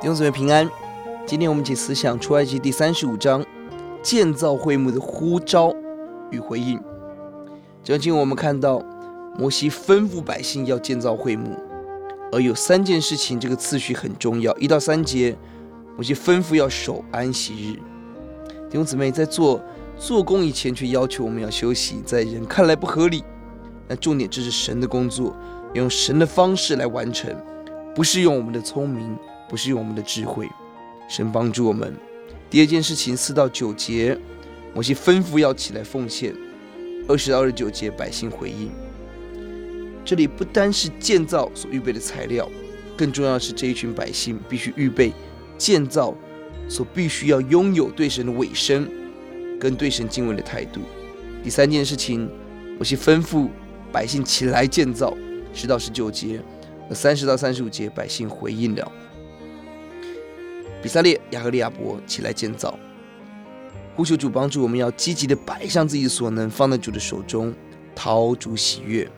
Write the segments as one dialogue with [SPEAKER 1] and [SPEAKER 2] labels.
[SPEAKER 1] 弟兄姊妹平安，今天我們起思想出埃及第三十五章，建造會幕的呼召與回應。將近我們看到，摩西吩咐百姓要建造會幕，而有三件事情，這個次序很重要。一到三節，摩西吩咐要守安息日。弟兄姊妹，在做做工以前，卻要求我們要休息，在人看來不合理。那重點，這是神的工作，用神的方式來完成，不是用我們的聰明。不是用我們的智慧，神幫助我們。第二件事情，四到九節，摩西吩咐要起來奉獻；二十到二十九節，百姓回應。這裡不單是建造所預備的材料，更重要的是這一群百姓必須預備建造所必須要擁有對神的委身跟對神敬畏的態度。第三件事情，摩西吩咐百姓起來建造；十到十九節，三十到三十五節，百姓回應了。比撒列、亞何利亞伯起來建造。呼求主幫助，我們要積極的擺上自己所能，放在主的手中，討主喜悅。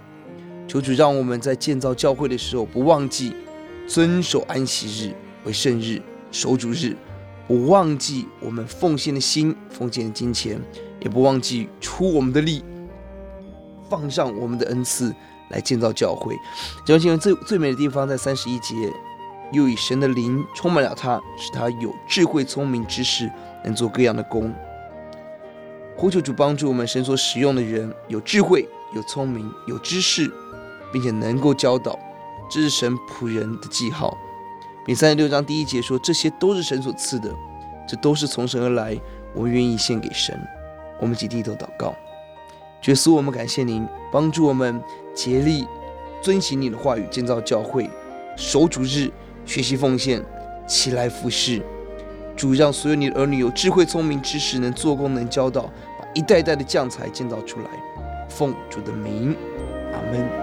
[SPEAKER 1] 求主讓我們在建造教會的時候，不忘記遵守安息日為聖日，守主日；不忘記我們奉獻的心、奉獻的金錢，也不忘記出我們的力，放上我們的恩賜來建造教會。這段經文最最美的地方在三十一節。又以神的靈充滿了他，使他有智慧、聰明、知識，能做各樣的工。呼求主幫助我們，神所使用的人有智慧、有聰明、有知識，並且能夠教導，這是神僕人的記號。彼三十六章第一節說：“這些都是神所賜的，這都是從神而來。我願意獻給神。”我們即低頭禱告，主耶穌，我們感謝您，幫助我們竭力遵行你的話語，建造教會，守主日。學習奉獻，起來服侍主，讓所有你的兒女有智慧、聰明、知識，能做工、能教導，把一代代的將才建造出來，奉主的名，阿門。